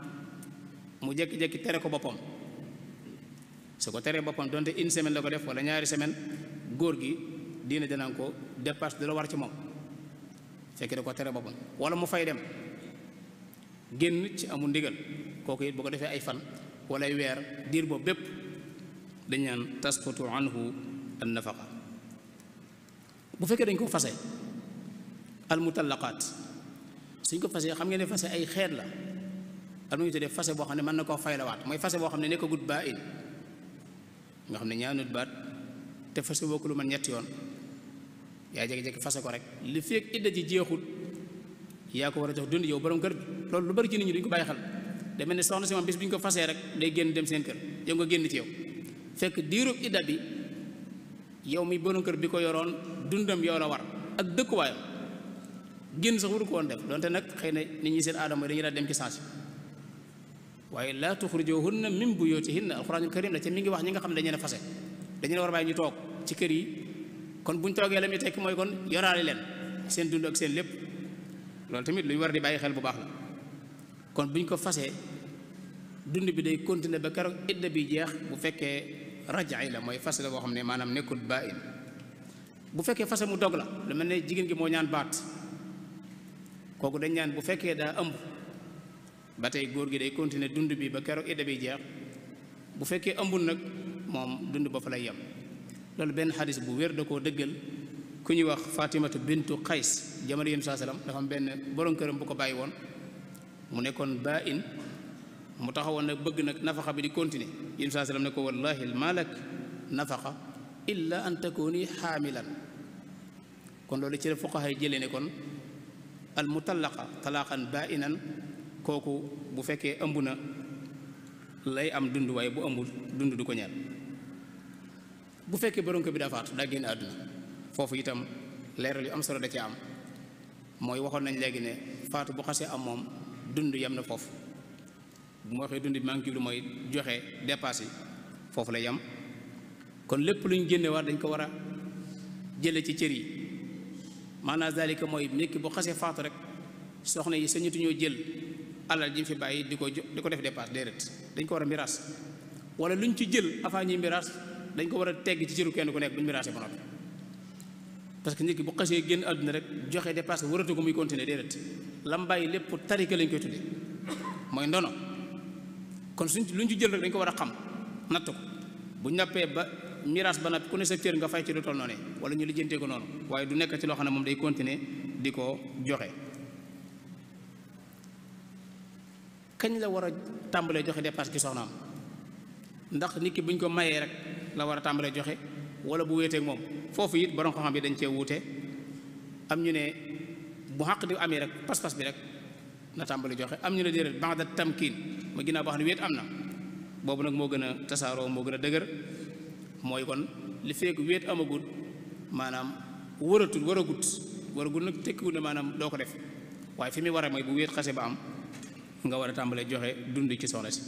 mu jékki-jékki tere ko boppam su ko teree boppam donte une semaine la ko def wala ñaari semaine góor gi diine danañ ko dépasse da la war ci moom fekk da ko tere boppam wala mu fay dem génn ci amul ndigal kooku it bu ko defee ay fan wala weer diir boobu bépp dañ naan tasqutu anhu an nafaqa bu fekkee dañ ko fase al mutallaqaat suñ ko fasee xam ngeen ne fase ay xeet la am na ñu tuddee fase boo xam ne mën na koo faylawaat mooy fase boo xam ne nekkagut baa in nga xam ne ñaanut baat te fase boo lu man ñetti yoon yaa jékki-jékki fase ko rek li fekk idda ji jeexut yaa ko war a jox dund yow borom kër bi loolu lu bari ci nit ñi duñ ko bàyyi xel da mel ne soxna si moom bis bi ñu ko fasee rek day génn dem seen kër yow nga génn ci yow fekk diirub idda bi yow mi borom kër bi ko yoroon dundam yow la war ak dëkkuwaayam génn sax waru ko woon def donte nag xëy na nit ñi seen aadama dañuy daal dem ci sens waaye laa tuxrijoohunna min buyootihinna alxuraanul karim la ca mi ngi wax ñi nga xam ne dañu leen a fase dañu leen war a bàyyi ñu toog ci kër yi kon buñ toogee la muy tekk mooy kon yoraale leen seen dund ak seen lépp loolu tamit lu war di bàyyi xel bu baax kon bu ñu ko fasee dund bi day continuer ba keroog idda bi jeex bu fekkee rajaay la mooy fas la boo xam ne maanaam nekkul bàyyi bu fekkee fase mu dog la lu mel ne jigéen gi moo ñaan baat kooku dañ ñaan bu fekkee daa ëmb ba tey góor gi day continuer dund bi ba keroog idda bi jeex bu fekkee ëmbul nag moom dund ba fa lay yam loolu benn xadis bu wér da koo dëggal ku ñuy wax fatimatu bintu xays jamono yém saa salaam dafa am benn borom këram bu ko bàyyi woon mu nekkoon baa in mu taxawoon nag bëgg nag nafaxa bi di continuer yén saa sallam ne ko wallahi malak nafaxa illa an takuni xaamilan kon loolu ci la fuqaha yi jëlee ne kon al mutallaqa talaqan baa inan kooku bu fekkee ëmb na lay am dund waaye bu ëmbul dund du ko ñaan bu fekkee borom bi daa faatu daa génn àdduna foofu itam leeral yu am solo da ci am mooy waxoon nañ léegi ne faatu bu xasee am moom dund yem na foofu bu ma waxee dund bi maa ngi jublu mooy joxe dépasse yi foofu la yem kon lépp lu ñu génne war dañ ko war a jële ci cër yi maanaam zalika mooy nekk bu xasee faatu rek soxna yi sañatuñoo jël alal ji fi bàyyi di ko di ko def dépasse déedéet dañ ko war a miraas wala ñu ci jël avant ñuy miraas dañ ko war a tegg ci cëru kenn ku nekk duñ miraasee ba noppi parce que nit ki bu xasee génn àdduna rek joxe dépasse waratu ko muy continuer déedéet lam bàyyi lépp tarika lañ koy tudde mooy ndono kon suñ lu ñu ci jël rek dañ ko war a xam natt ko bu nappee ba miraas ba nag ku ne sa cër nga fay ci lu toll noonu wala ñu lijjantee ko noonu waaye du nekk ci loo xam ne moom day continuer di ko joxe kañ la war a tàmbalee joxe dépasse gi am ndax nit ki bu ko mayee rek la war a tàmbalee joxe wala bu wéeteek moom foofu it borom xam-xam bi dañ cee wuute am ñu ne bu xaq di amee rek pas-pas bi rek na tàmbali joxe am ñu ne déedéet ban da tamkiin ma ginnaaw boo ne wéet am na boobu nag moo gën a tasaaroo moo a dëgër mooy kon li fekk wéet amagut maanaam waratul waragut waragut nag tekkiwul ne maanaam doo ko def waaye fi muy waree mooy bu wéet xase ba am nga war a tàmbalee joxe dund ci soxna si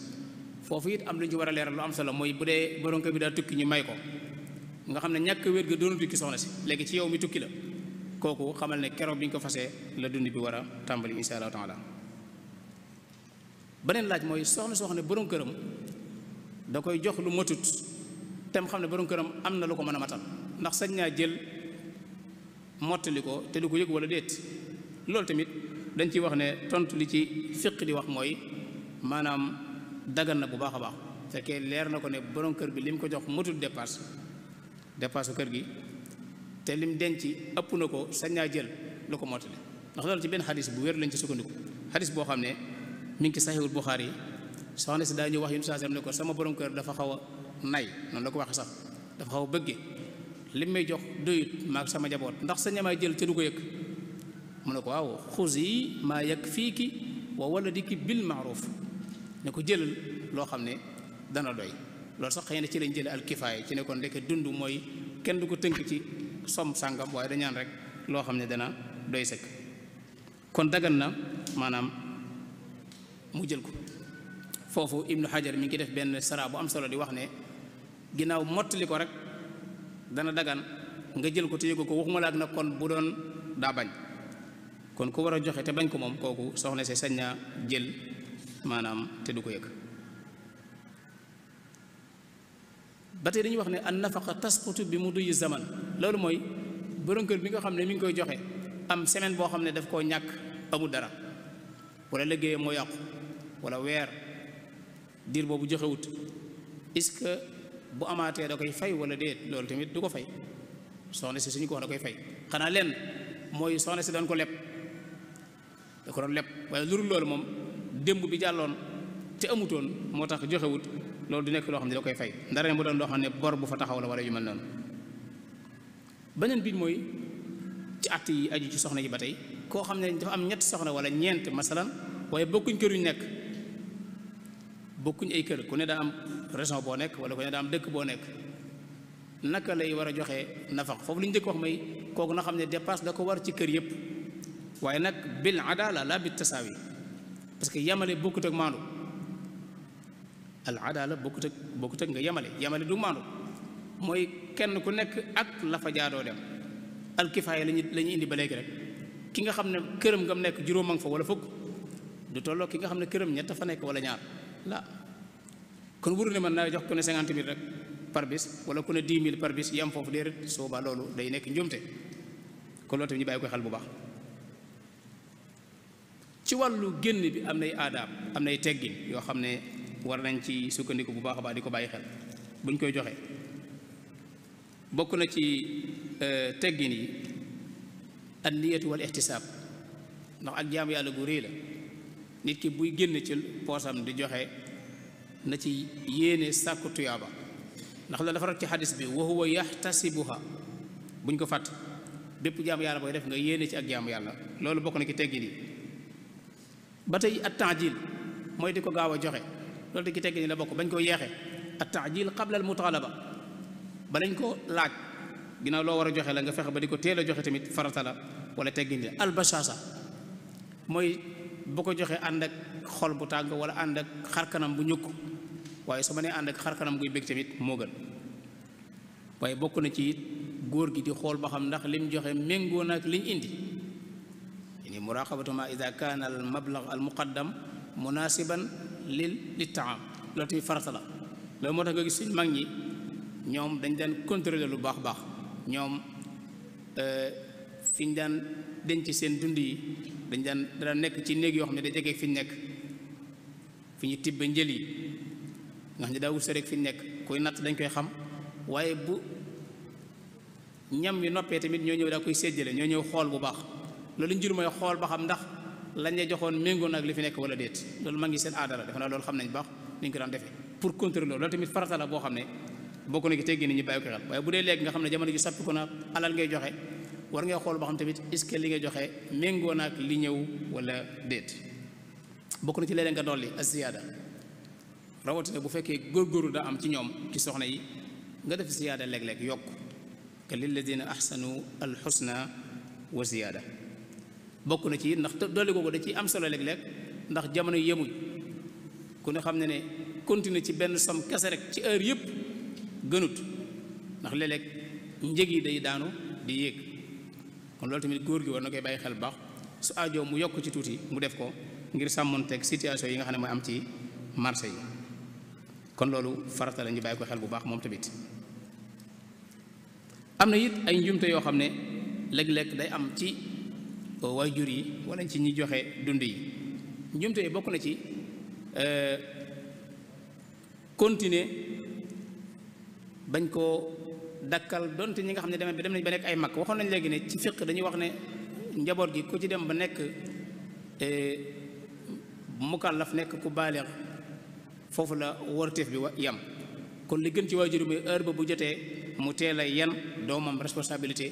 foofu it am lu ñu ci war a leeral lu am solo mooy bu dee boronko bi daal tukki ñu may ko nga xam ne ñàkk wéet ga doonut ci soxna si léegi ci yow mi tukki la kooku xamal ne keroog bi ñu ko fasee la dund bi war a tàmbali insha allahu taala beneen laaj mooy soxla soo ne borom këram da koy jox lu matut te xam ne borom këram am na lu ko mën a matal ndax sañ naa jël mottali ko te ko yëg wala déet loolu tamit dañ ciy wax ne tontu li ci fiq di wax mooy maanaam dagan na bu baax a baax fekkee leer na ko ne borom kër bi lim ko jox matut dépasse dépasse kër gi te lim denc ëpp na ko sañ naa jël lu ko mottali ndax loolu ci benn xadis bu wér lañ ci sukkandiku xadis boo xam ne mi ngi ci saxiwul Buxaari yi soxna si daa ñu wax yu saa ne ko sama borom dafa xaw a nay noonu la ko waxee sax dafa xaw a bëggee lim may jox doyut maag sama njaboot ndax sa ñamaay jël ca du ko yëg mu ne ko waaw xus yi maa yëg fii ki wa waladiki bil maaruf ne ko jëlal loo xam ne dana doy loolu sax xëy na ci lañ jëlee alkifaaya ci ne kon ndeke dund mooy kenn du ko tënk ci som sàngam waaye dañaan rek loo xam ne dana doy sëkk kon dagan na maanaam mu jël ko foofu ibnu xajar mi ngi def benn saraa bu am solo di wax ne ginnaaw mottali ko rek dana dagan nga jël ko te yëgu ko waxuma la ak nag kon bu doon daa bañ kon ku war a joxe te bañ ko moom kooku soxna si sañ naa jël maanaam te du ko yëg ba tey dañuy wax ne an tas tasqutu bi mu duy zaman loolu mooy borom kër bi nga xam ne mu ngi koy joxe am semaine boo xam ne daf koo ñàkk amul dara walla liggéeyam moo yàqu wala weer diir boobu joxewut est-ce que bu amaatee da koy fay wala déet loolu tamit du ko fay soxna si suñu ko wax da koy fay xanaa leen mooy soxna si doon ko leb da ko doon leb waaye lurul loolu moom démb bi jàlloon te amutoon moo tax joxewut loolu du nekk loo xam ne da koy fay ndara ne mu doon loo xam ne bor bu fa taxaw la wala yu mel noonu beneen bi mooy ci at yi aju ci soxna yi ba tey koo xam ne dafa am ñetti soxna wala ñeent masalan waaye bokkuñ kër yu nekk bokkuñ ay kër ku ne daa am région boo nekk wala ku ne daa am dëkk boo nekk naka lay war a joxe nafaq foofu lu ñu njëkk wax may kooku na xam ne dépasse da ko war ci kër yëpp waaye nag bil adala la bi tasaawi parce que yamale bokkut ak maandu al adala bokkut ak bokkut ak nga yemale yamale du maandu mooy kenn ku nekk ak la jaadoo dem al kifaaya lañu la ñu indi ba léegi rek ki nga xam ne këram nga mu nekk juróom a nga fa wala fukk du tolloo ki nga xam ne këram ñett fa nekk wala ñaar la kon wuru ne mën naa jox ku ne cinquante mille rek par bis wala ku ne dix mille par bis yam foofu déedéet sooba loolu day nekk njuumte kon loolu tamit ñu bàyyi ko xel bu baax ci wàllu génn bi am nay aadaab am nay teggin yoo xam ne war nañ ci sukkandiku bu baax a baax di ko bàyyi xel buñ koy joxe bokk na ci euh, teggin yi an niyatu wal ihtisaab ndax ak jaam yàlla gu rëy la nit ki buy génn ci poosam di joxe na ci yéene sàkku tuyaaba ndax la dafa rot ci xadis bi wa huwa yaxtasibuha buñ ko fàtt bépp jaam yàlla booy def nga yéene ci ak jaam yàlla loolu bokk na ki teggin yi ba tey at taajil mooy di ko gaaw a joxe loolu ci tegg ni la bokk bañ koo yeexee at taajil qabla al mutalaba ba lañ ko laaj ginnaaw loo war a joxe la nga fexe ba di ko teel a joxe tamit farata la teggi teggin la albashaasa mooy bu ko joxee ànd ak xol bu tàng wala ànd ak xarkanam bu ñukk waaye su ma nee ànd ak xarkanam guy bég tamit moo gën waaye bokk na ci it góor gi di xool ba xam ndax lim joxe méngoo na ak liñ indi ini muraqabatu ma ida kaana al mablag al muqaddam munasiban lil li taam loolu tamit farata la loolu moo tax nga gis suñ mag ñi ñoom dañ daan contrôler lu baax baax ñoom euh, fi ñu daan denc seen dund yi dañ daan dara nekk ci néeg yoo xam ne day jege fi ñu nekk fi ñu tibb njël yi nga xam ne daa wut rek fi ñu nekk koy natt dañ koy xam waaye bu ñam yu noppee tamit ñoo ñëw daa koy séddale ñoo ñëw xool bu baax loolu njur mooy xool ba xam ndax lañ la joxoon méngoo nag li fi nekk wala déet loolu ma ngi seen aada la defe naa loolu xam nañ baax ni ñu ko daan defee pour contrôler loolu tamit farata xam ne bokk ko xel waaye bu dee léegi nga xam ne jamono ji soppi ko na alal ngay joxe war ngay xool boo xam tamit est-ce li nga joxe méngoo naag li ñëw wala déet bokk na ci léeg-léeg nga dolli ziyaada rawatina bu fekkee góorgóorlu da am ci ñoom ki soxna yi nga def ziyaada léeg-léeg yokk li ke lilladina ahsanu alxusna wa ziyaada bokk na ci ndax dolli googu da ciy am solo léeg-léeg ndax jamono yemuñ ku ne xam ne ne continuer ci benn som kese rek ci heure yëpp gënut ndax léeg njëg yi day daanu di yéeg kon loolu tamit góor gi war na koy bàyyi xel bu baax su ajoo mu yokk ci tuuti mu def ko ngir sàmmoon sàmmonteeg situation yi nga xam ne mooy am ci marché yi kon loolu farata la ñu bàyyi ko xel bu baax moom tamit am na it ay njumte yoo xam ne léeg lekk day am ci waajur yi wala ci ñi joxe dund yi njumte yi bokk na ci euh, continuer bañ koo dakkal donte ñi nga xam ne dem nañ ba nekk ay mag waxoon nañ léegi ne ci fiq dañuy wax ne njaboot gi ku ci dem ba nekk euh, la fu nekk ku baaleex foofu la warteef bi wa yam kon li gën ci waajur bi heure ba bu jotee mu teel a yan doomam responsabilité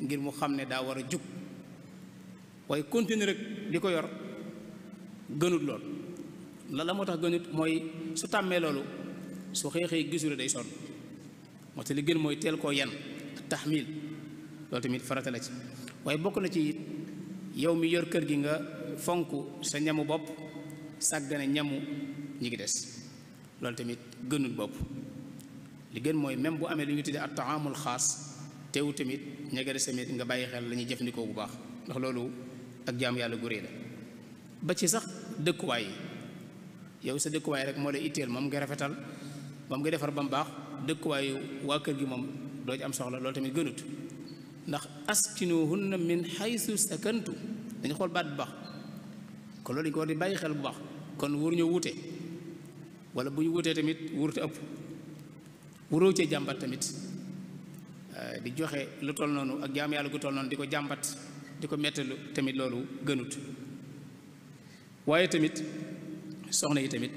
ngir mu xam ne daa war a jug waaye continuer rek di ko yor gënut lool la la moo tax gënut mooy su tàmmee loolu su xeexee xëy day sonn moo tax li gën mooy teel koo yan taxmil loolu tamit farata la ci waaye bokk na ci yow mi yor kër gi nga fonk sa ñamu bopp sàggane ñamu ñi ngi des loolu tamit gënul bopp li gën mooy même bu amee lu ñu tuddee at taamul xaas teewu tamit ña nga des nga bàyyi xel la ñuy jëfandikoo bu baax ndax loolu ak jaam yàlla gurée la ba ci sax dëkkuwaay yi yow sa dëkkuwaay rek moo lay itteel moom nga rafetal moom nga defar ba mu baax dëkkuwaayu waa kër gi moom doo ci am soxla loolu tamit gënut ndax as na min xaysu sakantu dañu xool baat bu baax kon loolu dañu ko war di bàyyi xel bu baax kon wur ñu wute wala bu ñu wutee tamit wurte ëpp wuroo cee jàmbat tamit di joxe lu toll noonu ak jaam yàlla gu toll noonu di ko jàmbat di ko mettalu tamit loolu gënut waaye tamit soxna yi tamit